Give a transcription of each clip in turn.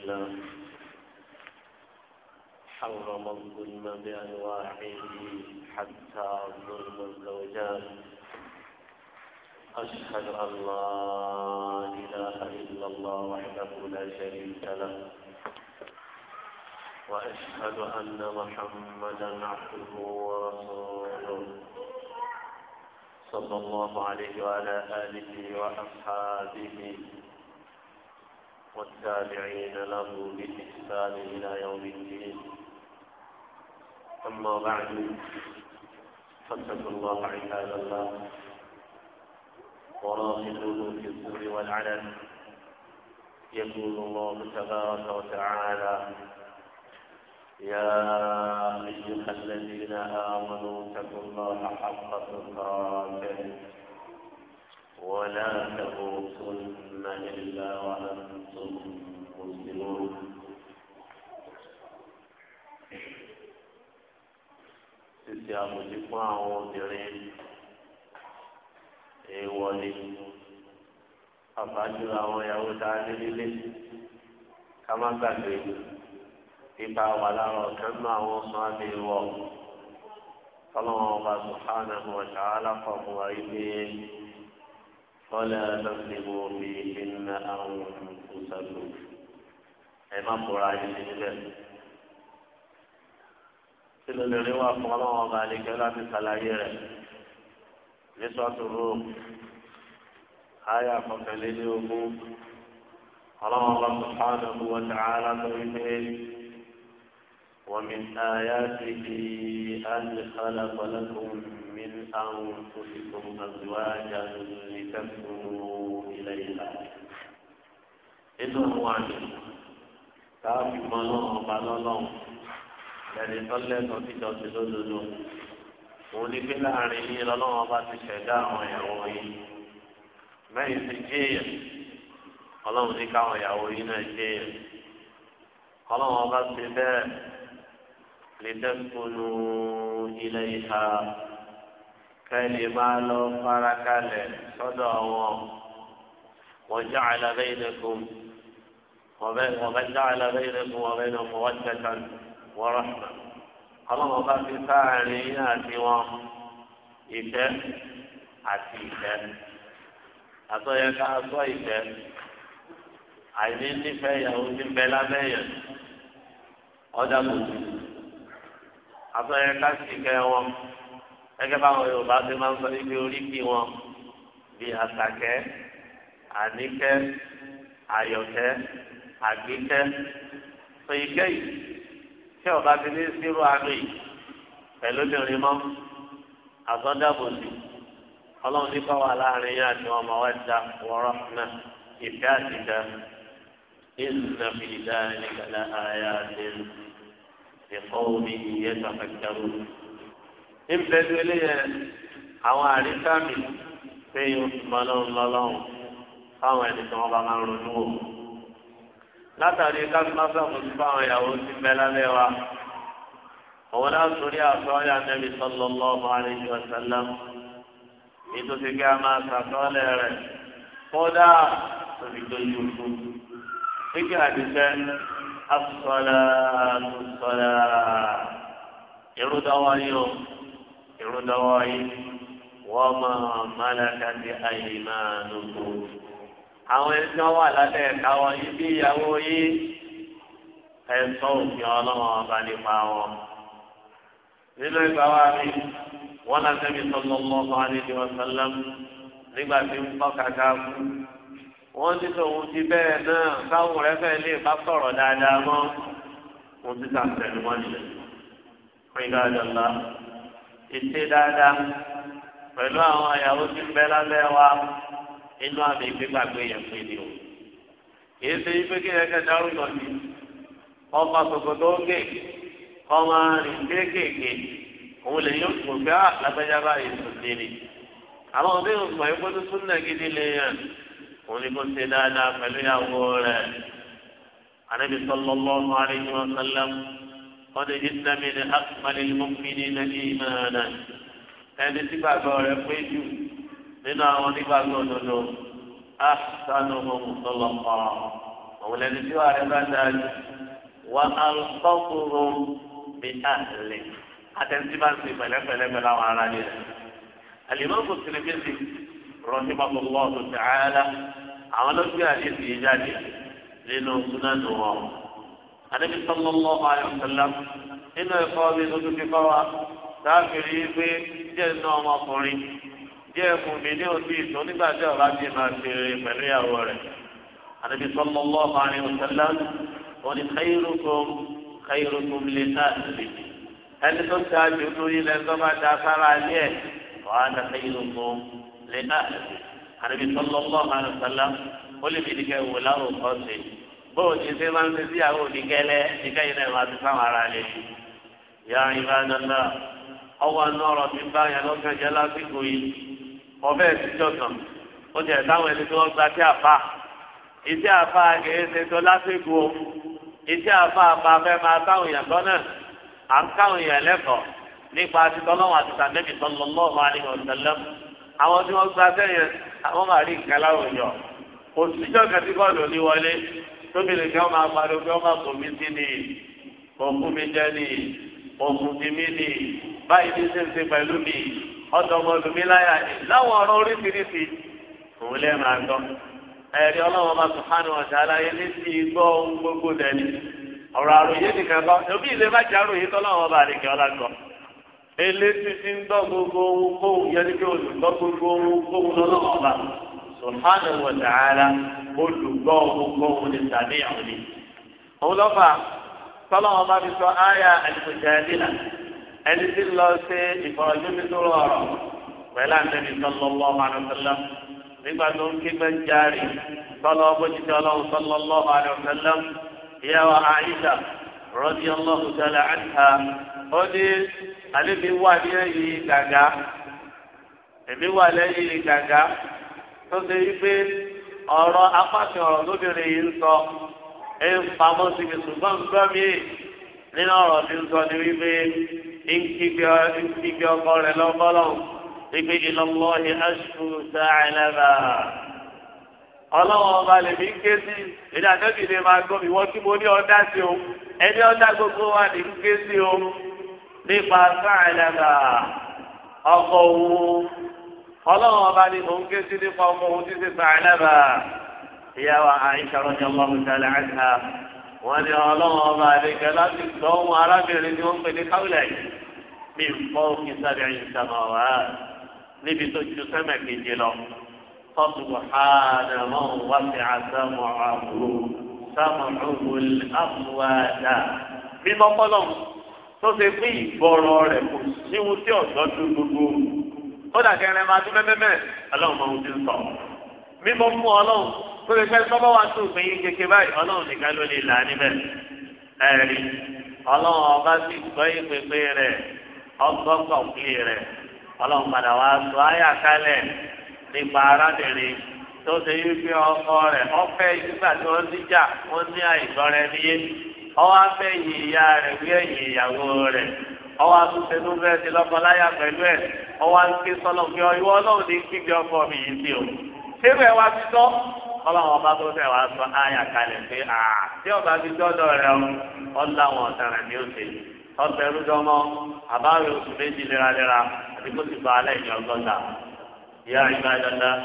الله حرم الظلم بأنواعه حتى ظلم الزوجات أشهد أن لا إله إلا الله وحده لا شريك له وأشهد أن محمدا عبده ورسوله صلى الله عليه وعلى آله وأصحابه والتابعين له بإحسان إلى يوم الدين أما بعد فاتقوا الله عباد الله وراقبوه في السر والعلن يقول الله تبارك وتعالى يا أيها الذين آمنوا اتقوا الله حق تقاته ولا تموتن إلا وأنتم مسلمون sísè àbòjì fún àwọn obìnrin èèwọ̀ ni àbájọ àwọn ìyàwó tá a ní nílé ká má gbàgbé ipa wà lára ọ̀kan náà àwọn ọmọ àmì tọ́lọ́wọ́n ọba sùhánà wọ̀ṣà aláfọ̀mù àìgbé. ولا تظلموا فيهن أنفسكم ẹ má bọ̀rọ̀ ayé níbẹ̀. kí ló lè rí wà fún ọlọ́wọ́n ọba àlejò láti ṣàlàyé rẹ̀ ní sọ́ọ̀tù rome ayé àkọkànlélé ogún ọlọ́wọ́n ọba subhanahu wa ta'ala tó ń gbé ومن آياته أن خلق لكم إن أنفسكم أزواجا لتسكنوا إليها إنه وعد káàbì mọ náà ọba lọ́lọ́run lẹ́ni tọ́lẹ̀ tó ti jọ sí lódodo òun ní pé láàrin yín lọ́lọ́run ọba ti ṣẹ̀dá àwọn ìyàwó yín mẹ́yìn ti jéèyàn ọlọ́run ní káwọn ìyàwó yín náà jéèyàn ọlọ́run ọba ti bẹ́ẹ̀ lè dẹ́kun ilé ìhà kẹ́lì máa lọ farakalẹ̀ sọ́dọ̀ wọn wọ́n jẹ́ àlàbẹ́ ìdẹ́kùn wọ́n jẹ́ àlàbẹ́ ìdẹ́kùn wọ́n bẹ́ẹ̀ lọ́mọ wọ́n jẹ́ kan wọ́n rọ́ṣà ọlọ́mọ bá fi sáàrin yín àti wọn ìfẹ́ àti ìfẹ́ àtọ́yẹ ká sọ ìfẹ́ àìní nífẹ̀ẹ́ ìyàwó ti bẹ lábẹ́ yẹn ọjà kò sí ká sì kẹ́ wọn gẹ́gẹ́ báwọn Yorùbá ṣe máa ń sọ ibi orí bí wọn bí àtàkẹ́ àníkẹ́ àyọ̀kẹ́ àgbékẹ́ sọ ìkẹ́ yìí tí ọba ti ní sírú àánú yìí pẹ̀lú obìnrin mọ́ àtọ́dàbòsì ọlọ́run ní kọ́ wà láàrin yín àti ọmọ wa da wọ́rọ́ náà ìfẹ́ àti ìfẹ́ ìnà fi dáa nígbà láàyè àti ìkọ́ omi ìyẹn tó afẹ́kẹ́rù ìbẹ̀dù eléyẹ àwọn àríkàmì pé yóò fi mọ lọ́run lọ́lọ́run fáwọn ẹni tí wọ́n bá máa ń ronú wò. látàrí káfíńsàmù sí fáwọn ìyàwó ti bẹ lábẹ́ wa òun náà sórí àsọ́ọ́lẹ̀ anábì sallallahu alaihi wasallam ètò ti kí a máa sàtọ́lẹ̀ rẹ̀ kódà tóbi tó yí oṣù. Fíkì àdìsẹ́ asọ́lá asọ́lá irú yìí o irun lọ́wọ́ yìí wọ́n máa málaka ti àyè máa nùkú. àwọn ẹni tí wọ́n wà lábẹ́ ẹ̀ka wọn yìí bí ìyàwó yìí ẹ̀sọ́ òfin ọlọ́wọ́n ọba nípa wọn. nínú ìgbà wa mi wọ́n náà sẹ́mi sọ́nà ọlọ́wọ́ àdìdì ọ̀sánlẹ́m nígbà tí ń kọ́ kàkà kú. wọ́n ti tòun ti bẹ́ẹ̀ náà káwọn rẹ̀ fẹ́ lè bá sọ̀rọ̀ dáadáa mọ́. wọ́n ti sàtẹ̀lé wọn nílẹ̀ ìṣe dáadáa pẹ̀lú àwọn ìyàwó tí ń bẹ lábẹ́ wa inú àmì ìgbégbàgbé yẹn pé ni o. kìí ṣe yí pé kí ẹ kẹta rúbọ ni ọmọ kòkò tó gé ọmọ rìn kéékèèké òun lè yóò kò gbá ah, lágbájá báyìí sùn léèrè. àwọn òbí òun mọ̀ ẹ́kọ́ tó súnà gidi lè yàn òun ni kò ṣe dáadáa pẹ̀lú ìyàwó rẹ̀. ànábi sallallahu alaihi wasallam. قد إن من أكمل المؤمنين إيمانا ẹni tí gbàgbọ́ rẹ̀ pé jù nínú àwọn onígbàgbọ́ òdodo á sánú ohun tó lọ pọ̀ òun lẹni tí wà rẹ̀ bá dájú wà á lọ́kùnrò bí á lè àtẹnudí máa ń ṣe pẹ̀lẹ́pẹ̀lẹ́ pẹ̀lú àwọn ará rẹ̀. àlìmọ́kù tìrìbìtì rọ̀ṣí pàpọ̀lọ́ ọ̀dọ̀ tààlà àwọn ló gbé àdéhùn yìí jáde nínú súnánù wọn àdébí sọ́mọ́ mọ́ ayọ̀ sẹ́lá nínú ẹ̀kọ́ mi tuntun fi kọ́ wa sáfìrí pé díẹ̀ nínú ọmọkùnrin díẹ̀ kùn mí ní òsì ìtún nígbà tí ọ̀rá ti máa ṣe pẹ̀lú ìyàwó rẹ̀ àdébí sọ́mọ́ mọ́ ayọ̀ sẹ́lá òní khayrukum khayrukum lè náà lè ẹni tó ta ju lórí lẹ́ńtọ́ bá da sára alẹ́ ẹ̀ wàá da khayrukum lè náà lè àdébí sọ́mọ́ mọ́ ayọ̀ sẹ́lá ó lè fi bóò ní ṣe máa ń ṣe síyàwó nìkẹ́lẹ́ nìkẹ́yìn náà máa ti fáwọn ará rẹ̀ jù. ìyá ìbá dọ́là ọwọ́ àná ọ̀rọ̀ ti bá yẹn lọ́kàn jẹ́ lásìkò yìí ọ̀fẹ́ ìtijọ́ kan ó jẹ́ táwọn ẹni tó wọ́n gba sí àfa iṣẹ́ àfa kìí ṣe tó lásìkò iṣẹ́ àfa àfa fẹ́ máa táwọn èèyàn tọ́ náà à ń káwọn èèyàn lẹ́kọ̀ọ́ nípa titọ́lọ́wọ́ àti tàbí tọ́lọ́lọ́wọ́ àríwọ̀ tẹ́lẹ̀ àwọn tí wọ́n gba sẹ́yìn àwọn máa tóbìnrin kan máa pariwo pé ọmọ kò mí sí ni òkú mi jẹ ni òkú ti mí ni báyìí ní ṣe pẹ̀lú mi ọ̀dọ̀ ọmọlùmí láyà ni láwọn ọ̀rọ̀ oríṣiríṣi òun lè máa ẹ̀rí ọlọ́wọ́ bá ní ti gbọ́ ohun gbogbo dẹ̀ni ọ̀rọ̀ àròyé nìkan kọ́ òbí ilé má jẹ́ àròyé tọ́lọ́wọ́ bá gbogbo ohun kóhun yẹn ní subhanahu wa ta'ala olùgbọ́ gbogbo òun ni sàmì àwọn ni. òun lọ́fà sọlọ́wọ́n bá fi sọ áyà al-mujadila ẹni tí ń lọ sí ìfọ̀rọ̀jọ́mísọ̀rọ̀ ọ̀rọ̀ pẹ̀lú àtẹ̀bí sallallahu alaihi wasallam nígbà tó ń kí gbẹ́járe sọlọ́ bójútó ọlọ́run sallallahu alaihi wasallam ìyàwó àyíṣà radiyallahu ta'ala anha ó ní àlébi wà ní ẹ̀yìn gàgà èmi wà lẹ́yìn gàgà tó ṣe yí pé ọ̀rọ̀ apáṣẹ ọ̀rọ̀ lóbìnrin yìí ń sọ ẹ̀ ń pamọ́ síbi ṣùgbọ́n gbọ́ mi nínú ọ̀rọ̀ tí ń sọ ni wípé nkíkí ọkọ rẹ̀ lọ́gbọ́lọ́ wípé ìlọ́gbọ́ ni aṣù sáàlẹ́bà. ọlọ́wọ́ ọba lèmi ń ké sí èdè àtẹ́bí lè máa gbọ́ mi wọ́n kí mo ní ọ̀dá sí o ẹni ọ̀dá gbogbo wa ní ń ké sí o nípa sáàlẹ́bà ọkọ̀ òun ọlọ́run ọba ni òun ké sí nípa ọmọ òun ti ṣe sàánàbà ìyàwó àìsà rọjò ọlọ́run tẹ̀lé àìsà wọn ni ọlọ́run ọba àdékẹ́ láti gbọ́ ohun arábìnrin ni wọ́n ń pè ní káwílẹ̀ mi fọ́ òkè sábẹ́ àìsà mọ̀ wá níbi tó ju sẹ́mẹ̀ kejì lọ tọ́sùkù hànàmọ́ wá sí àsámọ̀ àbúrò sámọ̀ ògùn àbúwádà mímọ́ kọ́lọ́mù tó ṣe pín ìgbọ́rọ̀ rẹ̀ kò kódà kẹrin máa tún mẹ́mẹ́mẹ́ ọlọ́run máa ń ti sọ. mímọ mú ọlọ́run tó lè fẹ́ sọ́bọ̀ wá tó òfin yín kéke báyìí ọlọ́run nìkan ló lè là níbẹ̀. ẹ̀rí ọlọ́run ọba sì gbọ́ ìpèpè rẹ̀ ọgbọ́gbọ̀ kúlì rẹ̀ ọlọ́run padà wá sọ ayà kalẹ̀ nípa arábìnrin tó ṣe yí pé ọkọ rẹ̀ ọfẹ́ nígbà tí wọ́n níjà wọ́n ní àìgbọ́rẹ́ níyé ọwọ́ afẹ́ yìí ìyá rẹ̀ wí ẹ̀yìn ìyàwó rẹ̀ ọwọ́ àtúnṣe ló fẹ́ ṣe lọ́kọláya pẹ̀lú ẹ̀ ọwọ́ àtúnṣe sọ́lọ́ pé ìwọ ọlọ́run ní gbígbé ọkọ mi yìí sí o. ṣébù ẹ wá ti tọ́ ọlọ́run ọba tó fẹ́ wàá sọ áyà kalẹ̀ pé à tí ọba ti dọ́dọ̀ rẹ ọ láwọn ọ̀daràn ni ó ṣe ọ̀sẹ̀ rúdọ́mọ́ àbáwí oṣù méjì léraléra àti kó ti gba alẹ́ ìyẹn ọgọ́ta ìyá ìgbà dandan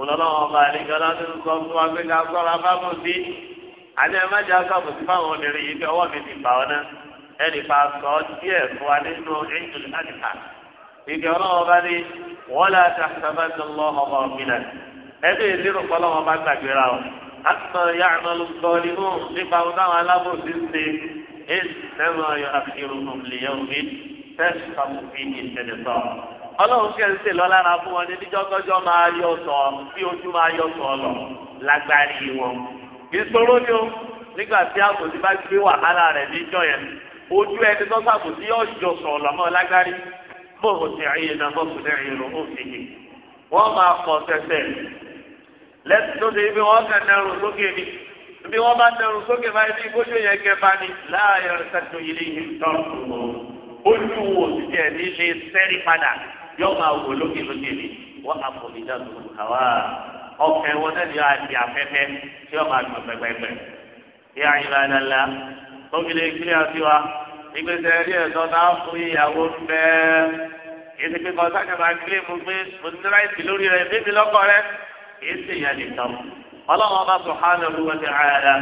òlọ́lọ́wọ́ ọba àlejòlá tó ń sọ fún wa pé ká gbọ́ra bá mú àti ẹ̀ má jẹ́ àgbàbọ̀ ẹnì kan sọ díẹ̀ fún wa nínú ẹ̀yìn àdìpà ìgbà ọlọ́wọ́ bá ní wọ́n lè ta sábàtì lọ́wọ́ ọmọ òmìnira ẹbí ìlérò kọ́lọ́wọ́ bá gbàgbéra o àtúntò ya àmàlù sọ̀rọ̀ inú nípa ohun táwọn alábòsí ṣe é sẹ́wọ̀n ayọ̀ àfihàn òmìnira omi tẹ́sí kàmùfì ìṣẹ̀lẹ̀ sọ. ọlọ́run kẹ́ ń ṣe lọ́lára fún wọn ní níjọ́gọ́jọ́ máa yọ sọ bí ojú máa yọ sọ lọ lágbárí wọn. ìṣòro ni o nígbà tí àkòtí bá gbé wàhálà rẹ̀ níjọ́ ojú ẹni tó sàbò tí yóò jọ sọ̀rọ̀ lọ́mọ lágbárí bóòrò ti ẹ̀yìn iná bóòrò ti ẹ̀yìn ló ń fi yìí wọ́n máa kọ́ sẹ́sẹ́ lẹ́sìn tó ṣe ibi wọ́n kàn nẹ́rù sókè ni ibi wọ́n bá nẹ́rù sókè báyìí bí gbójú yẹn kẹfà ni láàyè ṣètò yìí ní tọ́kùnù ojú wo ti tẹ̀ ní lè sẹ́rí padà yóò máa wò lókè lókè ni wọ́n á kò ní dàgbò àwa ọkẹ́ wọn náà ni yóò á di afẹ́fẹ́ tí yóò máa gbọ̀ pẹ́pẹ́pẹ́ yóò á tókìlì ìpínlẹ̀ àti wa ìgbésẹ̀ ẹ̀rí ẹ̀tọ́ náà fún ìyàwó ń bẹ́ èsì pé kọ́sá kan máa gbé mu pé mo ti ra ìsì lórí rẹ̀ bébí lọ́kọ̀ rẹ̀ èsì ìyá lè tán ọlọ́run ọba sùhánà ló wọlé ara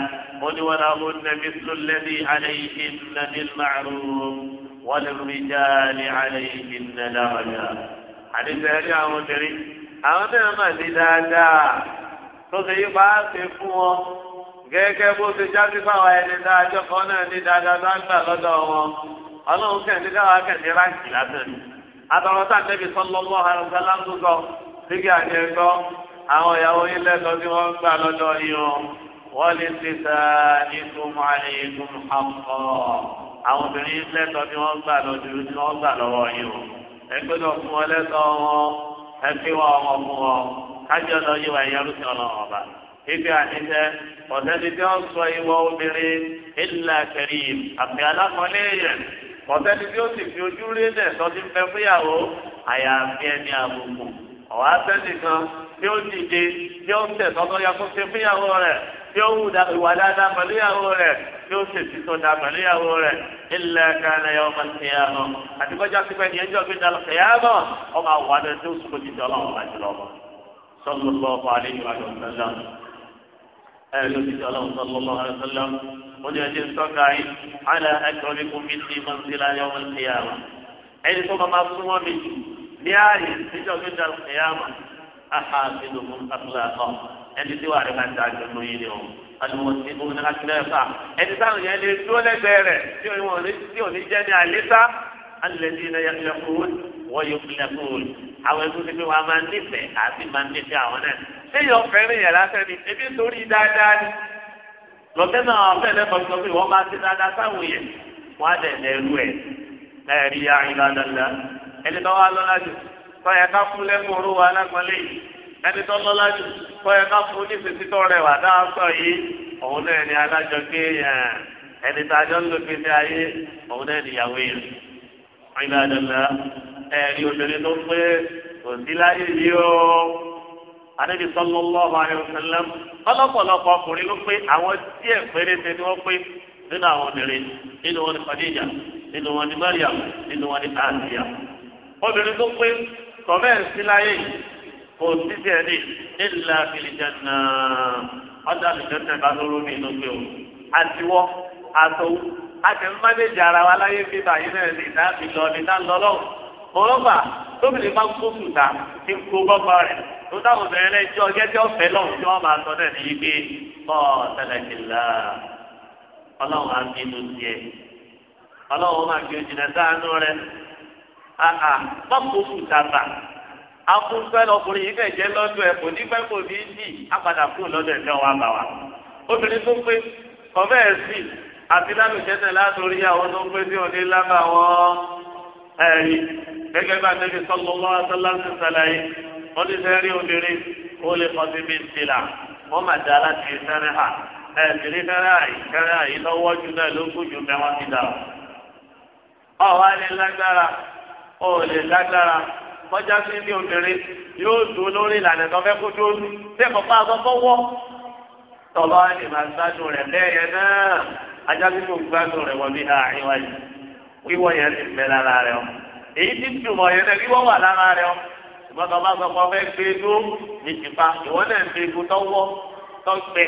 ó ní wọn àwọn nẹbí sùlẹ́bí aláìsí nàbí màrú wọn lè rí jáde aláìsí nàdàmàdà àdìsẹ́ ẹ̀rí àwọn obìnrin àwọn náà máa di dáadáa tó gẹ́gẹ́ bó ṣe jáde fáwọn ẹni dájọ́ kan náà ní dáadáa bá ń gbà lọ́dọ̀ wọn ọlọ́run kẹ̀ǹdé káwá kẹ̀ǹdé ráǹkì lásán ni àtọ̀rọ̀ tá nẹ́bi sọ́lọ́mọ́ àrùnsálá ń gbọ́ sígi àti àwọn ìyàwó yín lẹ́tọ́ tí wọ́n ń gbà lọ́dọ̀ yín o wọ́n lè ti sa ìtumọ̀ ìtumọ̀ àpọ̀ àwọn obìnrin yín lẹ́tọ́ tí wọ́n gbà lọ́dọ̀ yín ibi àtijọ́ ọ̀sẹ́ni tí ó sọ ìwọ obìnrin ìlà kẹrìm àti alákọ̀ọ́lé yẹn ọ̀sẹ́ni tí ó sì fi ojú rí jure sọ́dí ń bẹ fúyàwó àyàfi ẹni àbùkù ọ̀wá sẹ́ni kan tí ó dìde tí ó ń tẹ̀sọ́ tó kó ṣe fúyàwó rẹ̀ tí ó ìwà dáadáa pẹ̀lú ìyàwó rẹ̀ tí ó ṣe títọ́ dáa pẹ̀lú ìyàwó rẹ̀ ilẹ̀ ti yà lọ ẹ̀rọ ti sọ ọlọ́run sallallahu alaihi wasallam ó ní ẹjẹ́ sọ́ka yìí àlà ẹ̀kọ́ mi kò fi ti mọ̀nsílá yọ wọn ti yà wọn. ẹni tó bá máa súnmọ́ mi ní ààyè níjọ́ mi dà ní yà wọn aha mi ló mú àtúnlá kọ́ ẹni tí wàá rẹ̀ máa da àjọyọ̀ yìí ni o àdùnnú ti kó ní akílẹ̀ fà ẹni táwọn yẹn lè dúró lẹ́gbẹ̀ẹ́ rẹ̀ tí ò ní jẹ́ ní àlésà alẹ́dínà yàtọ̀kùn wọ́n yóò fi lẹ́kùn àwọn ẹgbẹ́ pípé wa máa nífẹ̀ẹ́ àti máa nífẹ̀ẹ́ àwọn náà séèyàn fẹ́ràn yàrá sẹ́ni ebi torí dáadáa ni lọ́tẹ́ náà fẹ́ lẹ́kọ̀ọ́ sọ pé wọ́n máa ti dáadáa sáwọn yẹn wọ́n á dẹ̀ lẹ́rú ẹ̀ lẹ́ẹ̀rí ya ìlànà ẹni tó wá lọ́la jù tọ́yẹ ká fún lẹ́kùn orú wa lágbọ́lé yìí ẹni tó lọ́la jù tọ́yẹ ká fún onífẹ̀sítọ́ rẹ̀ wà dáa yìí òun náà ni alájọ pé ẹni tàjọ́ ń lo kéde ìbádọ́lá ẹ̀rí obìnrin tó pé kò sí láyé yìí o anabi sallallahu alayhi wa sallam ọlọpọlọpọ ọkùnrin ló pé àwọn díẹ̀ péréte ni wọn pé nínú àwọn obìnrin nínú wọn ni Khadija nínú wọn ni Mariam nínú wọn ni Asiya obìnrin tó pé kọ̀mẹ́ síláyé kò sí sí ẹni illa fil janna ọjà àlùjọ tẹ̀ bá lóró mi ló o àtiwọ́ àtọwọ́ a ti ń mánéjì ara wa láyé bí báyìí náà lè dá ìlọ ní dá lọ́lọ́ mọ̀lọ́gbà tóbìnrin máa ń kó sùtà ti ń kó gbọ́gbọ́ rẹ̀ tó táwọn obìnrin náà jẹ́ ọjọ́ tí wọ́n fẹ́ lọ́hùn tí wọ́n máa sọ náà nìyí pé ọ̀ tẹ̀lẹ̀kìlá ọlọ́run á bí inú tiẹ̀ ọlọ́run máa fi òjìnà sáánú rẹ̀ àhà má kó sùtà bà akúnfẹ́ lọkùnrin yìí kẹ̀ jẹ́ lọ́dọ̀ ẹ̀ kò ní àti lálùjẹ́tẹ̀ látòrí àwọn tó ń pè sí òní lábà wọn ẹ̀rí gẹ́gẹ́ bá tẹ́bi sọ́kọ́ wọn sọ́láńtì sàlàyé wọ́n ti sẹ́rí obìnrin ó lè kọ́ sí bí tìlà wọ́n mà dá láti sẹ́rẹ́ hà ẹ̀sìn kẹ́rẹ́ àyè kẹ́rẹ́ àyè lọ́wọ́ jù náà ló kù jù mẹ́wọ́n ti dà ọ́ wá lè lágbára ó lè lágbára kọjá sí ní obìnrin yóò dùn lórí ìlànà tó fẹ́ kó tó dùn tẹ́kọ̀ọ́ bá ajá tí kò gbádùn rẹ̀ wọ́n bí ha àríwá yìí wíwọ́ yẹn ti bẹ lára rẹ̀ o èyí tí tùmọ̀ yẹn náà wíwọ́ wà lára rẹ̀ o ṣùgbọ́n tó bá sọ pé ọbẹ̀ gbé dó ní tìpa ìwọ náà gbé egbò tọ́wọ́ tọ́gbẹ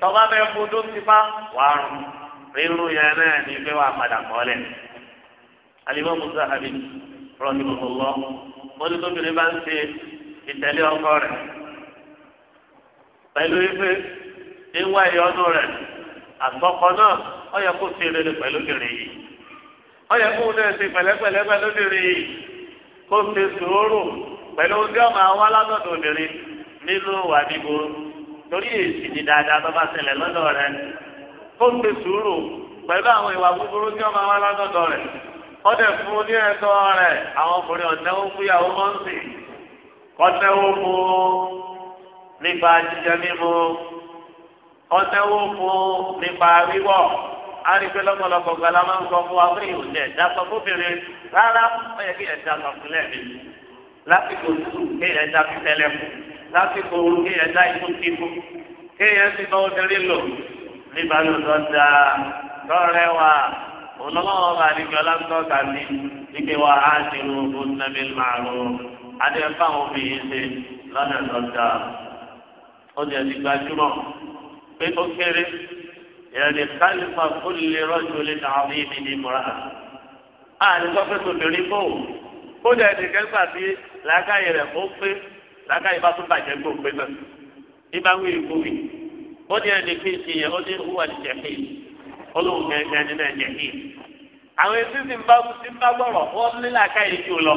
tọ́ba bẹ́ẹ̀ kó dó tìpa wà á rùn rírú yẹn náà ní pé wà padà kọ́lẹ̀ alimọ́ musa habi rọ́ọ̀nì gbogbo lọ bá ń ṣe ìtẹ̀lé ọkọ rẹ̀ pẹ̀lú ife ń ìyọnu rẹ̀ àtọkọ náà ó yẹ kó ṣe rere pẹ̀lú obìnrin yìí ó yẹ kó náà ṣe pẹ̀lẹ́pẹ̀lẹ́ pẹ̀lú obìnrin yìí kó ṣe sùúrù pẹ̀lú ojú ọmọ àwọn alágbọ̀dọ̀ obìnrin nínú wà níbo torí èsì ni dáadáa tó bá ṣẹlẹ̀ lọ́dọ̀ rẹ kó ṣe sùúrù pẹ̀lú àwọn ìwà búburú tí ọmọ àwọn alágbọ̀dọ̀ rẹ ọdẹ fún ní ẹ̀tọ́ rẹ àwọn ọkùnrin ọ̀dẹ́wó fúyàwó mọ́ǹsì ọ̀dẹ́wó fún nípa jíjẹ mímu ọ̀dẹ́wó fún nípa wíwọ̀ àrífẹ́ lọ́pọ̀lọpọ̀ gbala máa ń sọ fún wa pé ìwò ní ẹ̀dá sọ fóbìnrin rárá ó yẹ kí ẹ̀dá sọ fún lẹ́ẹ̀mí lásìkò tútù kí ẹ̀dá fi tẹ́lẹ̀ fún lásìkò ooru kí ẹ̀dá ikú ti fún kí ẹ̀yẹ́ ti bá obìnrin lò níbalù tó lọ́rẹ́ wa olùmọ̀wọ́ bá àdìgbò lásán tàbí ike wa á ti ru ogun nàbí màrún adìyẹ fáwọn obìnrin ṣe lọ́nà tó yẹni kálífà kúlè rọ́jòlè làwọn ibi ní mọ́ra. àní sọ́fẹ́ tòbìrín bò ó dẹ̀ ẹ̀dì kẹ́gbà bí làákàyè rẹ̀ ó pé làákàyè bá tún bàjẹ́ gbò pé náà ibà ń wí ikú mi ó ní ẹni kí n ti yẹ ó ní hùwà ní jẹ̀kì olóhùn gẹ́gẹ́ ní náà jẹ̀kì. àwọn etí ti ń bá ti ń bá gbọ́rọ̀ wọ́n ní làákàyè jù lọ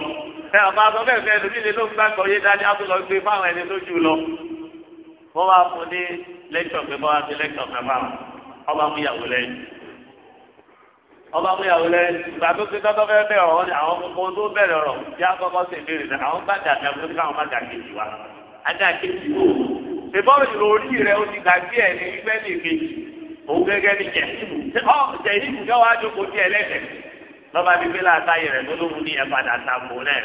ẹ ọba sọ bẹ́ẹ̀ fẹ́ẹ́ lómi lè ló ń gbàgbọ́ yé dání á tún lọ gbé fáwọn ẹni tó jù lọ. wọ́n wá fún ní lẹ́kṣọ̀ pé wọ́n wá sí lẹ́kṣọ̀ pé fáwọn ọba mú ìyàwó lẹ́yìn ọba mú ìyàwó lẹ́yìn ìgbà tó ti tọ́tọ́ fẹ́ bẹ̀rẹ̀ ọ̀rọ̀ ni àwọn gbogbo tó bẹ̀rẹ̀ ọ̀rọ̀ bí akọ́kọ́ sì béèrè náà àwọn bá dàbí àwọn tó káwọn bá dà kejì wa adá kejì wò ṣèbọ́ọ̀lù ìròrí rẹ o ti gbàgbé ẹ̀ ní ìgbẹ́ ní ìkejì òun gẹ́gẹ́ ní jẹ̀hìmù jẹ̀hìmù yọ wá jókòó tiẹ̀ lẹ́sẹ̀ lọ́ba bíbí láàtàyè rẹ̀ tó lóhun ní ẹ̀ padà sàmù náà.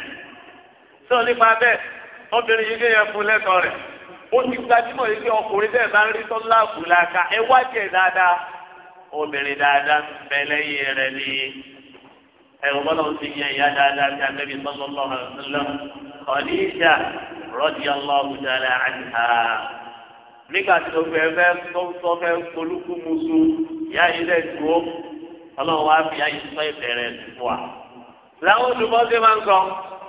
sọ nípa bẹ́ẹ̀ obìnrin yìí ní ẹ̀ fún lẹ́tọ̀ọ́ rẹ̀ ó ti gbajúmọ̀ yìí pé ọkùnrin bẹ́ẹ̀ bá ń rí tó láàbù làkà ẹ wájú ẹ̀ dáadáa obìnrin dáadáa ń bẹ lẹ́yìn rẹ̀ ní ẹ̀rọ bọ́lá ó ti yan ìyá dáadáa bí abẹ́bí sallallahu alaihi wasallam Khadija radiyallahu ta'ala anha nígbà tí o fẹ́ fẹ́ tó fẹ́ olúkú musu ìyá yìí lẹ̀ dúró ọlọ́run wá fi ayé sọ ìbẹ̀rẹ̀ fún wa. làwọn olùmọ̀ọ́sẹ̀ máa ń sọ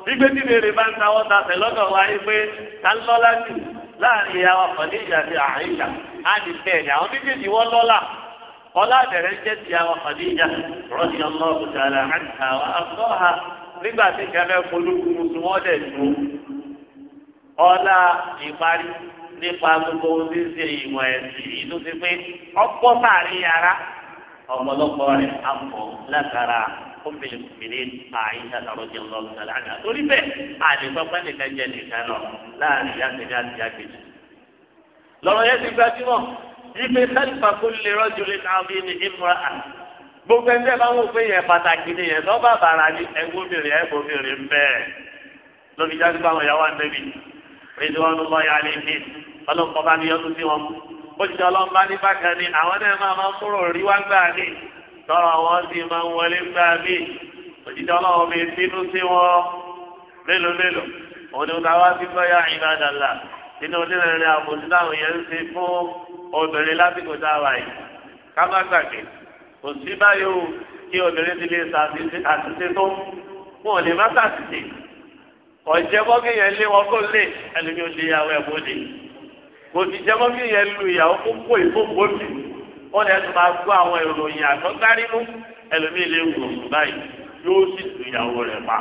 gbígbé tí bèrè bá ń ta ọ́ tẹ̀ lọ́dọ̀ wa pé ta ń lọ́lá jù láàrin ìyá wa Khadija àti Àìṣà á ní bẹ́ẹ̀ ni àwọn méjèèjì wọ́n lọ́lá ọlá bẹ̀rẹ̀ jẹ́ ti ìyá wa Khadija radiyallahu ta'ala anha wa àtọ́ha nígbà tí kẹfẹ́ polúkúrú tí wọ́n dẹ̀ tó ọlá ìparí nípa gbogbo ṣe ẹ̀sìn ti pé sáàrin yàrá ọ̀pọ̀lọpọ̀ rẹ̀ ọmọbìnrin mùsùlùmí àyíṣà lọ́rọ́jì ọlọ́run àlàyé torí bẹ́ẹ̀ àdìgbọ́pẹ́ nìkan jẹ nìkan lọ láàrin yàtẹ̀lé àti yàgbẹ̀jì. lọ́rọ̀ yẹn ti gbajúmọ̀ ibi sẹ́lifà kó lè rọ́jò lè náà bí ní ìmúra à. gbogbo ẹgbẹ́ bá wò pé yẹn pàtàkì ni yẹn lọ́ba bàrà ní ẹgbóbìnrin ẹgbóbìnrin bẹ́ẹ̀ lóbi jáde báwọn yà wá nẹ́bí èdè wọn lọ́ yà lè fi ọlọ́nkọ́ bá ní ọdún sí wọn. ó ti sọ ọlọ́run bá ní bákan ni àwọn náà máa máa ń kúrò rí wá gbáà tọrọ wọn sì máa ń wọlé gbá mi òjijì ọlọ́run mi bínú sí wọn mélòó mélòó òun ni wọn wá sí gbọ́yà ìbádàlà nínú onírìnrìn àbòsí táwọn yẹn ń ṣe fún obìnrin lásìkò tá a wà yìí ká kò sí báyò kí obìnrin ti lè ṣàtúnṣe tó wọn ò má ṣàtúnṣe ọ̀jẹ̀ bọ́gì yẹn lé wọn kó lè ẹlòmíì ò lè yàwó ẹ̀ bó kò sì jẹ́ bọ́gì yẹn lu ìyàwó kó kó ìfowópamọ́ ó lè tó máa gbọ́ àwọn ìròyìn àtọ́gbárí mú ẹlòmíì lè wò sùn báyìí yóò sì tu ìyàwó rẹ̀ pa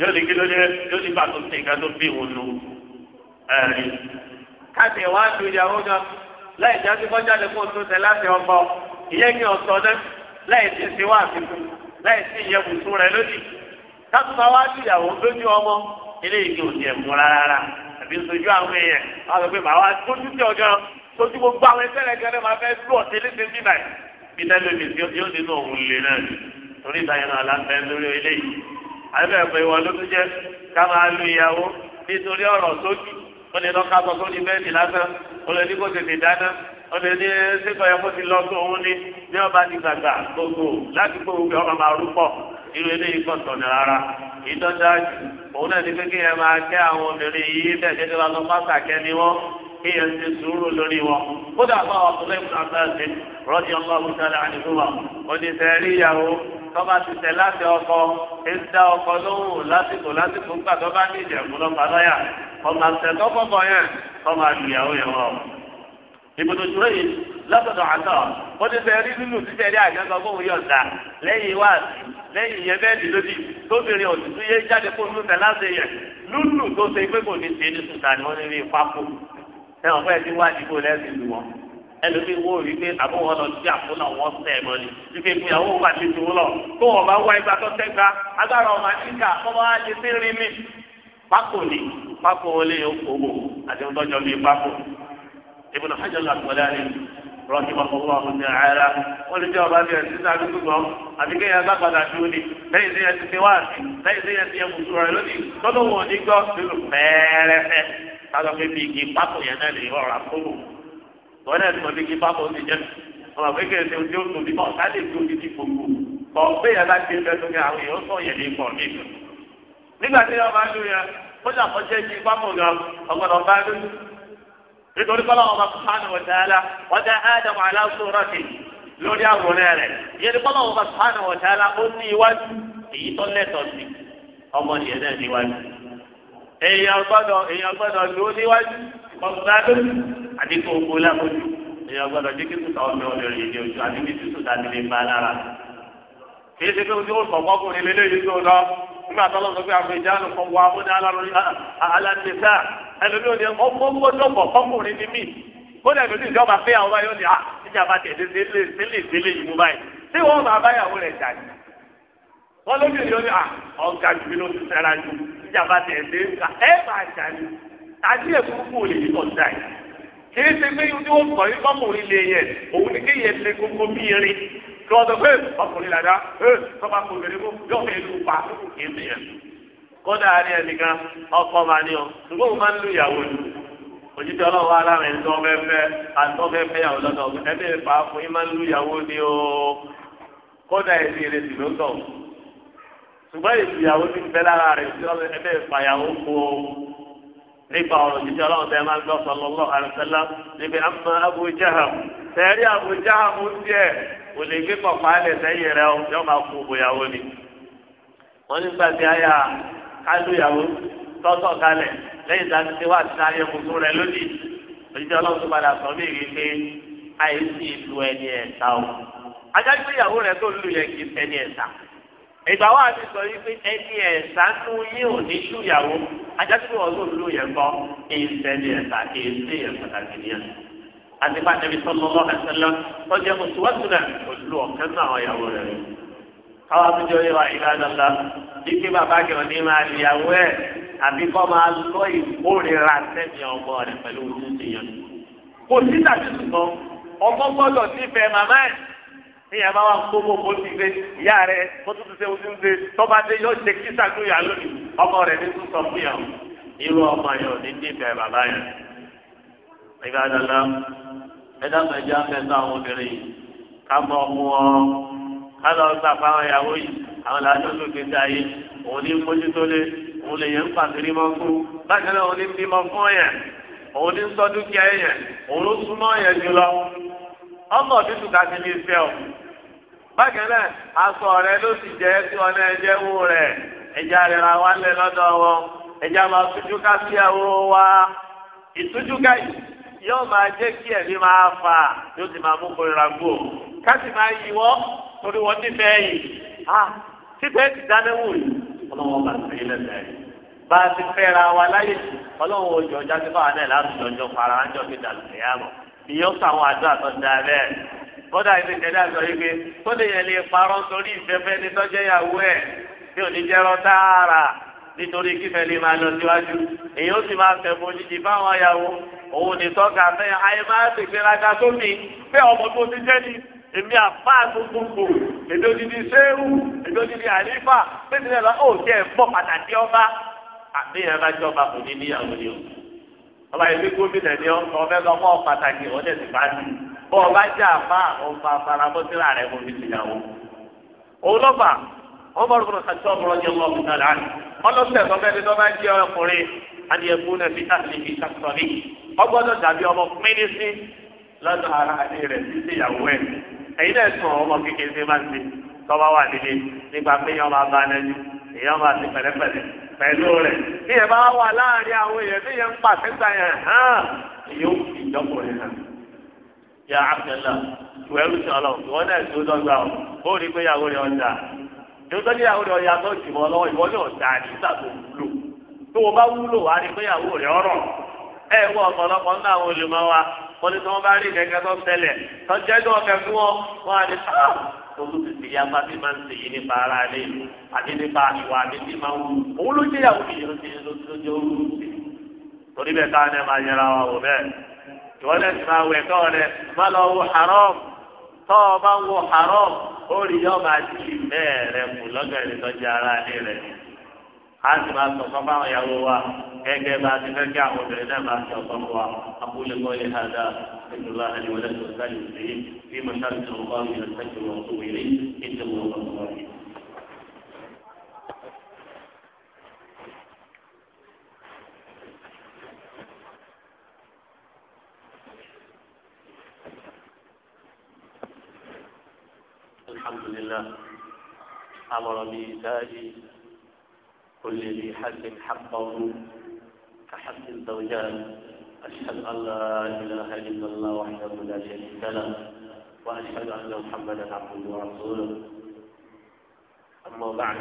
yóò ní kí ló dé yóò ní bàtò sí ìka tó bí wọn lò ẹ̀rí. káàtì wá tu ìyàwó náà láì jáde kọjá lè kó tó tẹ láti ọkọ ìyẹn kí ọ̀sọ́ náà láì sí sí wá àfikún láì sí ìyẹn bùsùn rẹ̀ lódì. káàtì máa wá tu ìyàwó lójú ọmọ ilé ìgbìmọ̀ tiẹ̀ mú rárá àbí sojú àwọn èèyàn sojú gbogbo àwọn ẹgbẹ́ rẹ̀ gẹ́gẹ́ máa fẹ́ lù ọ̀tí léṣe bí báyìí bí tẹ́lẹ̀ mi tí ó nínú òun lè náà torí ìtayà náà láǹfẹ́ lórí eléyìí àbẹ̀ pé ìwọ ló tún jẹ́ ká máa lu ìyàwó nítorí ọ̀rọ̀ sójú ó lè lọ ká sọ sórí bẹ́ẹ̀dì lásán ó lè ní kó tètè dáná ó lè ní sípò yẹn kó ti lọ sí òun ní ní ọba ti gbàgbà gbogbo láti gbogbo bí ọba máa rúpọ̀ irú eléyìí kò tọ̀nà rárá ìdọ́jà òun náà ní pé kí ẹ máa kẹ́ àwọn obìnrin yìí bẹ́ẹ̀ gẹ́gẹ́ bá lọ kí ẹ ṣe sùúrù lórí wọn kódà bá ọkùnrin ìbùdó àtàṣe rọ́ọ̀dì ọlọ́run tẹ́lẹ̀ àdìgúnwà oníṣẹ́rí ìyàwó tọ́ba ti tẹ̀ láti ọkọ ẹ̀dá ọkọ lóhùn lásìkò lásìkò gbà tọ́ba ní ìjẹ̀bù lọ́pàá lọ́yà ọmọ àtẹ̀tọ́ kọ́kọ́ yẹn ọmọ àdìyàwó yẹn wọ̀. ìbùdó ṣùgbọ́n yìí lọ́sọ̀dọ̀ àtọ̀ oníṣẹ́rí nínú títẹ̀lé àjọṣọ fóun yọ̀ọ̀dà lẹ́yìn wáàsí lẹ́yìn yẹn bẹ́ẹ̀ ni lódì tóbìnrin òtútù yẹn jáde kó lùtẹ̀ láti yẹn lùlù tó ẹ wọn fẹẹ ti wá àdìgbò lẹsìn lù wọn ẹlòmíì wo rí pé àbúrò wọn sí àfúnà wọn sẹ ẹ mọlẹ wípé ìyàwó wà tuntun wọn lọ kó wọn bá wá ibà tó tẹgbà agbára ọmọ àtìkà ọmọ àti sírin mi pákó ni pákó olè àti ọtọjọ bíi pákó Ibn Hajar al-Asqalani رحمه الله تعالى ولجواب kálọ̀ pé bí igi pápò yẹn náà lè rọra kóbò wọn náà tó bí igi pápò ti jẹ ọmọ pé kéde tí ó tóbi bọ̀ ká lè tóbi ti gbogbo bọ̀ pé yàrá ti ń bẹ́ẹ̀ lókè àwọn èèyàn sọ yẹn lè pọ̀ mí. nígbà tí wọn bá lù yẹn ó jà kọjá igi pápò gan ọgbọ̀dọ̀ bá lù nítorí kọ́lá ọba sùpánù wọ̀tẹ́lá wọ́n tẹ ádámù aláṣọ́rọ̀tì lórí àwòrán rẹ̀ yẹni kọ́lá ọba sùpánù wọ̀tẹ́lá ó ní iwájú èyí tó lẹ́tọ̀ọ́ sí ọmọ nìyẹn náà níwájú. èèyàn gbọ́dọ̀ èèyàn gbọ́dọ̀ lò ó níwájú ọgbà lórí àdínkù owó lábójú èèyàn gbọ́dọ̀ jẹ kí sùtà ọmọ ọlọrin èdè ojú àti bí sísù tàbí lára. kìí ṣe pé ojú ó sọ tó lọ nígbà tó lọ sọ pé àwọn òní ọgbọgbọdọgbọ ah, ah, mí kódà ah, ìlú wọ́n lóbìnrin yóò ní à ọ̀gá jù mí ló ti sẹ́ra jù ìjàmbá tẹ̀ dé ká ẹ máa jà ní tàbí ẹ̀kú kò lè yí ọ̀dà yìí kì í ṣe pé ní wọ́n kọ̀ yín kọ́kùnrin lè yẹ òun ni kéèyàn lè gbogbo bí irin kí wọ́n sọ pé ọkùnrin làdá tọ́ba kò lè kó yọ̀ fẹ́ lu pa kì í ṣèyàn kódà ní ẹnìkan ọkọ máa ní ọ ṣùgbọ́n mo máa ń lu ìyàwó ni òjijì ọlọ́wọ́ alárin tó fẹ́ fẹ́ àtọ́ fẹ́ fẹ́ yàwó lọ́dọ̀ ẹbí ìfà fún yín máa ń lu ìyàwó ni o kódà ẹ̀sìn ìrètí ló ń tọ̀ ṣùgbọ́n èsì ìyàwó ti ń bẹ lára rẹ̀ tí ẹbẹ̀ ìpàyàwó kú o nípa ọ̀rọ̀ jíjẹ́ ọlọ́run tẹ́ máa ń gbọ́ sọlọ́lọ́ àrùsẹ́lá níbi àmọ́ Abu Jaham tẹ̀rí Abu Jaham ń tiẹ̀ kò lè gbé pọ̀pá lẹ̀ sẹ́yìn rẹ̀ yọ máa kú ìyàwó ni. wọ́n nígbà tí a yà kálú ìyàwó tọ́tọ̀ kalẹ̀ lẹ́yìn tá a ti ṣe wá sí ayé kùtù rẹ̀ lódì òjíjẹ́ ọlọ́run tó ìgbà wa ti sọ yìí pé ẹni ẹ̀sà tó yé òní ṣùyàwó ajásùn wọn ló lò yẹn gbọ́ ìṣẹ̀lẹ̀ ẹ̀sà èsì ẹ̀pàtàkì nìyẹn. àtìpá tẹ̀lé sọ́lọ́lọ́ ẹ̀sẹ̀lá ọjọ́ mùsùlùmí òṣèlú ọ̀kẹ́ náà àwọn ìyàwó rẹ̀. káwá tó jọ yẹ wa ìlà dọ́là ike bàbá kẹwọn ní máa lè yàwó ẹ̀ àbí kọ́ máa lọ ìkórira sẹ́mi ọmọ rẹ̀ pẹ̀lú níyà bá wà gbogbo kó ti gbé ìyá rẹ kó tuntun ṣe oṣù ṣe tọ́ba dé yóò ṣe kí sàgbéyà lónìí ọmọ rẹ ní tún sọ fún yàwó irú ọmọ yẹn ò ní nífẹ̀ẹ́ bàbá yẹn. ìgbà dàda ẹ dábàá ẹjẹ afẹ́sọ àwọn obìnrin yìí ká mọ ọmọ wọn ká lọ gbà fáwọn ìyàwó yìí àwọn làájọ lókè dá yìí òun ní mójútó lé òun lè yẹn ń pàtìrí mọ́ fún bákan náà òun ní bímọ fún yẹn òun ní sọ dúkìá yẹn òun ló súnmọ́ yẹn jùlọ ọmọ òtútù ká ti ní ìfẹ́ òun. bákan náà aṣọ rẹ ló sì jẹ sí ọ̀nà ẹ̀jẹ̀ wò rẹ̀ ẹ̀jẹ̀ àrẹ̀rà wa lẹ̀ lọ́dọ̀ wọn ẹ̀jẹ̀ máa tújú ká sí wa ká yóò máa kí máa fà yóò sì máa mú máa yí torí ti yìí ti yìí bá ti yìí bá a wa láyè ojú ọjà ti náà láti jọjọ fi kódà ilé ìjẹ́dá sọ yìí pé tó lè yẹ lè parọ́ sórí ìfẹ́fẹ́ ní tọ́jẹ́yàwó ẹ̀ tí ò ní jẹ́rọ tààrà nítorí kífẹ́ lè máa lọ síwájú èyí ó sì máa fẹ́ fojìjì fáwọn ìyàwó òun ní tọ́ka fẹ́ ayé máa ń ṣègbéraga sómi pé ọmọ tó ti jẹ́ ni èmi àfa gbogbogbò èdè odidi sẹ́wù èdè odidi àlífà pé ìdílé lọ ó jẹ́ ẹ̀fọ́ pàtàkì ọba àbí ẹ̀ bá jọba kò ní níyàwó ni o ọba ìlú gómìnà ni ọ ọbẹ̀ lọ́mọ pàtàkì ọ̀dẹ̀ sì bá ní bọ́ ọba jẹ́ àfa ọba faramọ́sílà rẹ̀ mo fi tìyàwó. olọ́fà ọmọ ọdún kàtó ọmọ ọjọ́ ọmọ ọdún náà ọlọ́sẹ̀ tọ́fẹ́ ni tọ́ba jẹ́ ọkùnrin adìyẹ̀kú náà fi àtìlẹ́yìn kàtọ́rí ọgbọ́dọ̀ dàbí ọmọ mínísí lọ́dọ̀ ara àdé rẹ̀ sí tìyàwó ẹ̀ èyí náà sọ ọmọ kékeré máa ń ṣe tọ́ba wà nílé nípa pé yọ́n máa bá ẹni èèyàn máa ti pẹ̀lẹ́pẹ̀lẹ́ pẹ̀lú rẹ̀ bí ẹ bá wà láàrin àwọn èèyàn bí yẹn ń pàṣẹ gbà yẹn hàn yóò fi ìjọkùnrin hàn yà áfẹ́lá ìwẹ́rù sọ̀rọ̀ ìwọ náà tó dọ́gba o ó rí pé yàwó rẹ̀ ọ̀dà ìwọ́n ní yàwó rẹ̀ ọ̀yà tó jùmọ̀ lọ́wọ́ ìwọ ní ọ̀dà nígbà tó wúlò tó o bá wúlò wá rí pé yàwó rẹ̀ ọ̀rọ̀ ẹ wọ ọ̀pọ̀lọpọ̀ ní àwọn olùmọ̀ wa wọ́n ní tí wọ́n bá rí kẹ̀kẹ́ tó tẹ̀lẹ̀ tó jẹ́ tó fún wọn wọ́n á ní olú ah! ti tìyà bá ti máa ń tèyí nípa ara rẹ̀ àti nípa ìwà àti ti máa ń wù ìwọ́n lẹ́sìn máa wẹ̀ tọ́ rẹ̀ má lọ wo haram tọ́ ọ bá wo haram ó rí yọ máa di bẹ́ẹ̀ rẹ̀ kù lọ́gàá ẹni tọ́jú ara ní rẹ̀ a sì máa sọ fún báwọn ìyàwó wa gẹ́gẹ́ bá ti fẹ́ kí àwọn obìnrin náà máa sọ fún wa abúlé kọ́lé hàdá ìdúrà àdìwọ̀lẹ́sọ̀ọ́sá yìí fi mọ̀ṣáàtì ọ̀gbọ́n ìrẹsẹ̀kẹ̀ wọn tó wẹ̀lé ìdíwọ̀n ọ̀gbọ́n الله أمر بإيتاء كل ذي حق حقه كحق الزوجان أشهد أن لا إله إلا الله وحده لا شريك له وأشهد أن محمدا عبده ورسوله أما بعد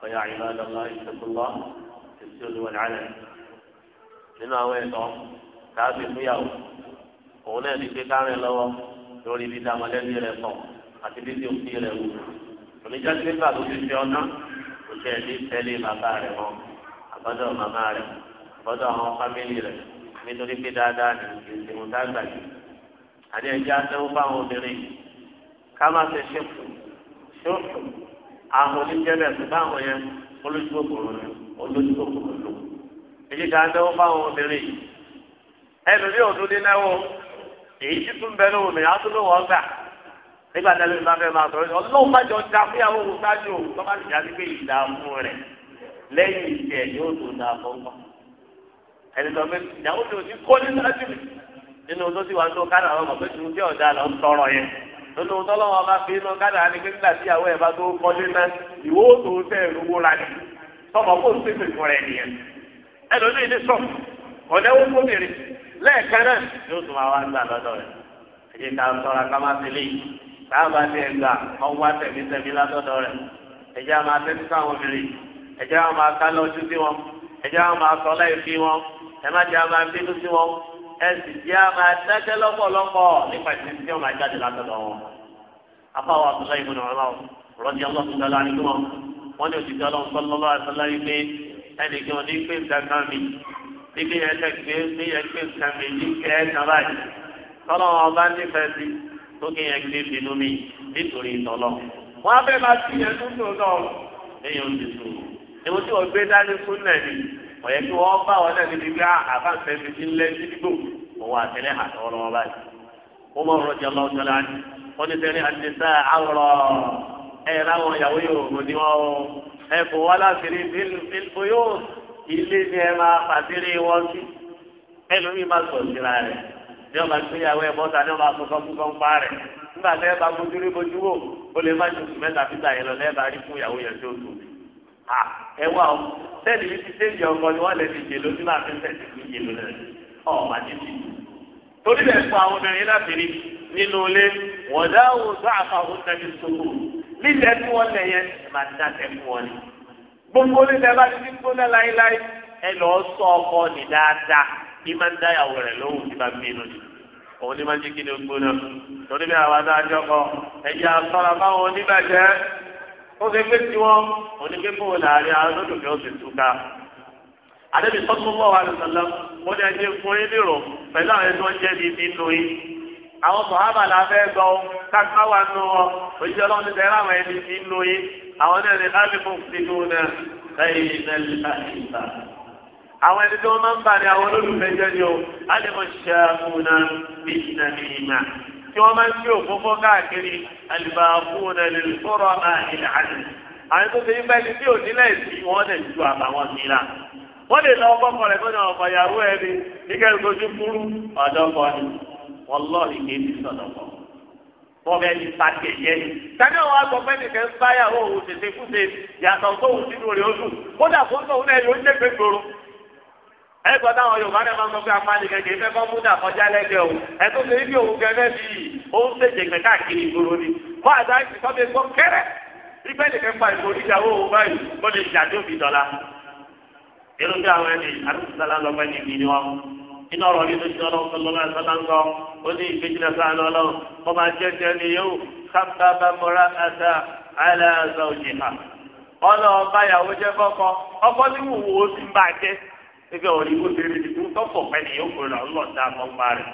فيا عباد الله اتقوا الله في السر والعلن لما هو تابع مياه òun náà ti الله kárẹ̀ lọ́wọ́ lórí ibi àti bí tí o fi rẹ̀ wò oníjà tí nígbà tó ti fi ọ̀nà kò tẹ̀ ní tẹ́lẹ̀ bàbá rẹ̀ mọ́ àbọ̀dọ̀ màmá rẹ̀ àbọ̀dọ̀ àwọn fámìlì rẹ̀ nítorí pé dáadáa ní ìsìnkú dágbà yìí àti ẹ̀jẹ̀ atẹ́wọ́ fáwọn obìnrin ká má ṣe ṣèkù ṣòfò àwọn oníjẹ́bẹ̀ tó báwọn yẹn olójúkòkòrò ni olójúkòkòrò ló èyí ká náwó fáwọn obìnrin ẹnu ní òdúndínláwó èyí tí tún bẹ lóhùn mi nígbà tí ẹlẹ́yìn bá fẹ́ máa sọ̀rọ̀ ọlọ́run bá jọ da fún yàrá òun ṣáájú òun tó bá ti jáde pé ìdààmú rẹ̀ lẹ́yìn ìṣẹ̀ yóò tó da fọ́nfọ́n. ẹni sọ pé ìyàwó mi ò ti kó ní sáájú mi nínú tó ti wà ní kádà ọmọ pé tòun tí ọ̀dà lọ ń tọrọ yẹn nínú tọ́lọ́wọ́ bá fi inú kádà ni pé nígbà tí ìyàwó ẹ̀ bá tó kọ́ ní ná ìwó tó tẹ̀ lówó la ni tọmọ kó ń pèsè fún rẹ̀ nìyẹn ẹlòmíì ní sọ ọ̀dẹ́wó kóbìnrin lẹ́ẹ̀kan náà yóò tún sáàbà ti ẹ̀gbà ọwọ́ àtẹ̀mítẹ̀mí látọ̀dọ̀ rẹ̀ ẹ̀jẹ̀ àwọn atẹ́tí sáwọn obìnrin ẹ̀jẹ̀ àwọn máa ká lọ́jú sí wọn ẹ̀jẹ̀ àwọn máa sọ láì fi wọn ẹ̀ má jẹ́ àwọn máa bínú sí wọn ẹ̀ sì jẹ́ àwọn máa dákẹ́ lọ́pọ̀lọpọ̀ nípa ìsinmi tí wọ́n máa jáde látọ̀dọ̀ wọn. afáwọ̀ àtúnṣe ìbùnú ọ̀rọ̀ rọ́ọ̀dì ọlọ́sùn dáadáa nínú wọn wọ́n ní ọlọ́run sọ́lọ́lọ́ àtàlá tó kí yẹn gbé bínú mi nítorí ìtọ́lọ́. wọ́n á fẹ́ máa ti yẹn dúdú náà lẹ́yìn oṣù tó ewu tí wọ́n gbé dání fún náà ni ọ̀yẹ́ kí wọ́n bá wọn náà níbi bí àbáǹfẹ́ fi ti lẹ́ sí gbò òun àtẹlẹ́ àtọwọ́ lọ́wọ́ báyìí. ó mọ̀ ọ̀rọ̀ jẹ́ lọ́wọ́ jọlá ni wọ́n ní sẹ́ni àtẹ̀sá àwòrán ẹ̀ láwọn ìyàwó yòówù ni wọ́n ẹ̀ kò wá láṣìírí bílbó ilé ni ẹ máa pàṣírí wọn sí ẹlòmíì má sọ̀ síra rẹ̀ ní ọba gbéyàwó ẹ̀ bọ́ta ní ọba akọ̀kọ̀ ń pa rẹ̀ nígbà tẹ́ ẹ bá gbójú rí bojú wò ó lè má ju oṣù mẹ́ta fíta yẹn lọ lẹ́ẹ̀bà rí fún ìyàwó yẹn tó tó ẹ wá o sẹ́ẹ̀lì yìí ti sẹ́ẹ̀lì ọkọ ni wọ́n lè fi jèlò sí máa fi sẹ́ẹ̀lì fi jèlò rẹ̀ ọ̀ má ti fi. torí bẹ́ẹ̀ fún àwọn obìnrin láti rí nínú ilé wọ́n dáhùn sáàfà oúnjẹ sókò lílẹ̀ tí wọ́n lẹ̀ yẹn má ti dáṣẹ́ fún wọn ni. gbogbo lílẹ̀ bá ti gbóná láéláé ẹ lọ́ọ́ sọ ọkọ ní kí máa ń dá ìyàwó rẹ̀ lóhùn kí máa ń bínú jù òun ni máa ń jẹ́ kí ni ó gbóná torí bí àwọn adájọ́ kọ ẹ̀yà sọ́ra báwọn oníbàjẹ́ ó ṣe pé tiwọn òun ni pé kó láàrin àwọn olódùnkẹ́ ó sì túká àdébí sọ́túnbọ̀ wà lọ́sọ̀lọ́ ó ní ẹjẹ́ fún yín nírò pẹ̀lú àwọn ẹni tó ń jẹ́ ní nínú yín àwọn sọ̀hábà la fẹ́ gbọ́ kápá wà nù wọn òṣìṣẹ́ ọlọ́run ti tẹ̀lé àwọn ẹni nínú yín àwọn náà àwọn ẹni ọma wọ́n máa ń bà ní àwọn olólùfẹ́ jẹ́ ni o alẹ́mọ̀ ṣe àmúna tí wọ́n máa ń ṣe òfófó káàkiri àlùbà àmúna lè fọ́rọ̀ àwọn tó ṣe yí pẹ́ẹ́lí tí ò nílẹ̀ sí wọ́n lè ju wọ́n lè lọ rẹ̀ ìyàwó kúrú ni wọ́n ni. àwọn nìkan ń yàtọ̀ sínú rẹ̀ Kódà ẹgbẹ́ táwọn yorùbá náà máa ń sọ pé apánikẹ́kẹ́ ìfẹ́ kọ́ múdà kọjá lẹ́gbẹ̀ẹ́ o ẹ̀tún lè rí òun gẹ́gẹ́ bí ó ń tẹ̀jẹ̀ gbẹ̀ káàkiri ìgboro ni wọ́n àti àìsí kọ́ bẹ gbọ́ kẹ́rẹ́ ìgbẹ́ nìkan pa ìbò oníjàwó òun báyìí kó lè jà tóbi dọ́là. irú bí àwọn ẹni àtúntàlá lọ́pẹ́ ní ìbí ni wọ́n iná ọ̀rọ̀ ní lóṣù ọlọ́ọ̀sọ́lọ́ọ̀sọ́lọ́ọ̀sọ́ ó ní ìgbéjìlẹ̀ sáànù ọlọ́run kó máa jẹ́ tiẹ̀ ní yóò kábàbà mọ́ra àtà àìláàzọ̀ òjìká ọlọ́ọ̀ báyàwó jẹ́ fọ́kọ ọkọ ní wùwò ó nígbà wọ́n yíwó ṣe rí ibi tó pọ̀ pẹ́ ní yóò kúrò náà ńlọ dá mọ́ pa rẹ̀.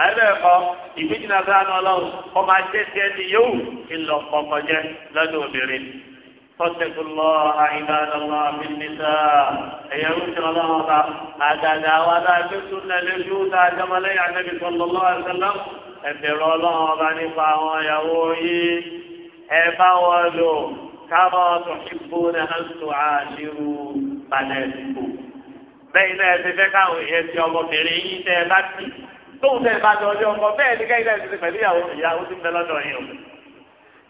àyè bẹ́ẹ̀ kọ́ ìgbéjìnà sáánù ọlọ́run ọmọ ajé tiẹ̀ ni yóò fi lọ kọ́kọ́ jẹ́ lọ́dún obìnrin. فاتقوا الله عباد الله في النساء يرد الله هذا دعوانا في السنة للجودة كما لا النبي صلى الله عليه وسلم ẹbẹ̀rọ ọlọ́run ọba nípa àwọn ìyàwó yìí ẹ bá wọn lò káwọn tó ṣíbó ní àǹtò àṣírù balẹ̀ ìbò bẹ́ẹ̀ náà ẹ ti fẹ́ káwọn èèyàn ti ọmọbìnrin yín tẹ́ ẹ bá ti tóun tẹ́ ẹ bá jọ ọjọ́ bẹ́ẹ̀ ni kẹ́kẹ́ ẹ ti pẹ̀lú ìyàwó ìyàwó ti fẹ́ lọ́dọ̀ yín o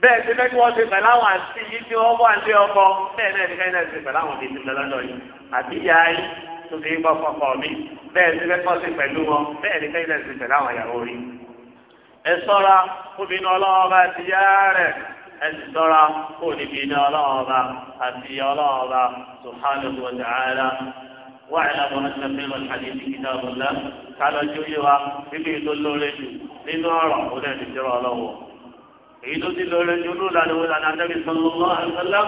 bẹ́ẹ̀ ti fẹ́ kí wọ́n ti pẹ̀lú àwọn àti yín tí wọ́n wà ní ọkọ bẹ́ẹ̀ náà ni kẹ́kẹ́ ẹ ti pẹ̀lú àwọn ti fẹ́ lọ́dọ̀ yín àti ìyá yín tó fi gbọ́ kọ̀ọ̀kọ̀ mi bẹ́ẹ̀ ti fẹ́ sọ́ra kò níbi iná ọlọ́wọ́ bá àti ọlọ́wọ́ bá subhanahu wa واعلم ان خير الحديث كتاب الله قال جويوا بيبي دولوريجو nínú ọ̀rọ̀ ó lè dìjọrọ lọ́wọ́ èyí tó ti lọ lójú ló lànà wọn lànà nàbí sọlọlọ àgbàlá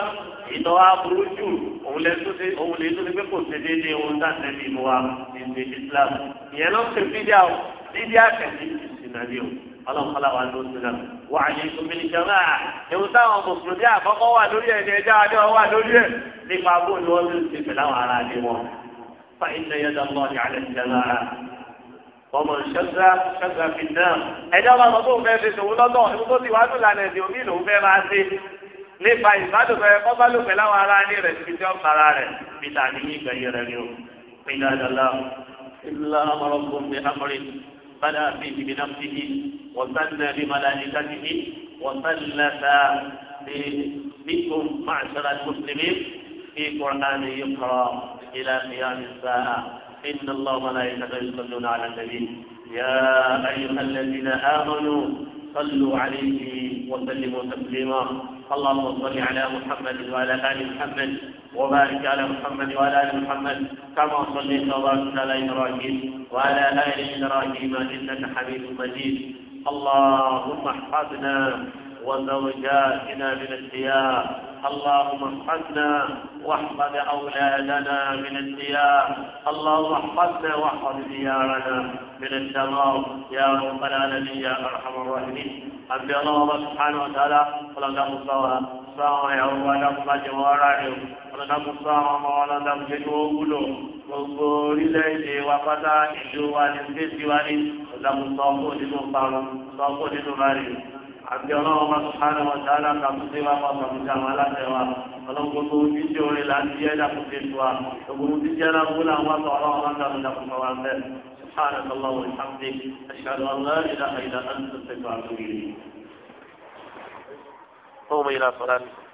ìtọ́ aburú jù òun lè tó ṣe òun lè tó ṣe pé kò ṣe déédéé ohun tá a tẹ̀lé ìmú wa ní Islam ìyẹn ló ṣe fídíà o fídíà kẹ̀sí ìsìnàbí o ọlọ́mọkọ́lá wa ló ṣe náà wà á yẹ kó mímí jẹ́ máa ewu táwọn mùsùlùmí àkọ́kọ́ wà lórí ẹ̀ ní ẹja adé wà lórí ẹ̀ nípa bóyá wọ́n ti ṣe pẹ̀láwọn ará adé wọn. فإن يد الله على الجماعة ومن شذ شذ في النار ẹjọ́ bá sọ fún fẹ́ẹ́ fi ṣòwò lọ́dọ̀ ìlú tó ti wá ní ìlànà ẹ̀sìn omi lòún fẹ́ẹ́ máa ṣe nípa ìbádùfẹ́ kọ́bálùfẹ́ láwọn ará ní rẹ̀ sí ti ọ̀kara rẹ̀ peter ní ìgbẹ̀yìn rẹ̀ ni ó pinnu àdàlà ìlà ọmọlọ́gbọ̀n ní amọ̀rẹ́ bàdà àti ìdìbò náà ti di wọ́n sálẹ̀ bí màdà ní kájíbi wọ́n sálẹ̀ sáà ní nígbò máa ṣọ́ra mùsùlùmí في قرآن يقرأ إلى قيام الساعة إن الله وملائكته يصلون على النبي يا أيها الذين آمنوا صلوا عليه وسلموا تسليما اللهم صل على محمد وعلى آل محمد وبارك على محمد وعلى آل محمد كما صليت وباركت على إبراهيم وعلى آل إبراهيم إنك حميد مجيد اللهم احفظنا وزوجاتنا من الثياب اللهم احفظنا واحفظ أولادنا من الديار اللهم احفظنا واحفظ ديارنا من الدمار يا رب العالمين يا أرحم الراحمين أبي الله سبحانه وتعالى فلقد مصطفى sáwọn ìyàwó wa dákun bá jẹ wọn ara rẹ o wọn dákun sáwọn ọmọ wọn lọ dákun jẹ kí wọn wúlò gbogbo orílẹ̀-èdè wa pátá ìlú wa ní fèsì wa ní wọn dákun sọ fún nínú parun sọ fún nínú bari àti ọlọ́run bá tó sáré wọn dáadáa ká tó dé wá bá tó dé àwọn aláṣẹ wa ọlọ́run tó ti ṣe orin là ń di ẹ̀dá tó ṣe tó wa ògùn ti jẹ́ lágbó làwọn bá tó ọlọ́run bá tó dà fún wa bẹ́ẹ̀ سبحانك اللهم وبحمدك أشهد أن لا إله إلا أنت أستغفرك وأتوب إليك قوم إلى صلاتكم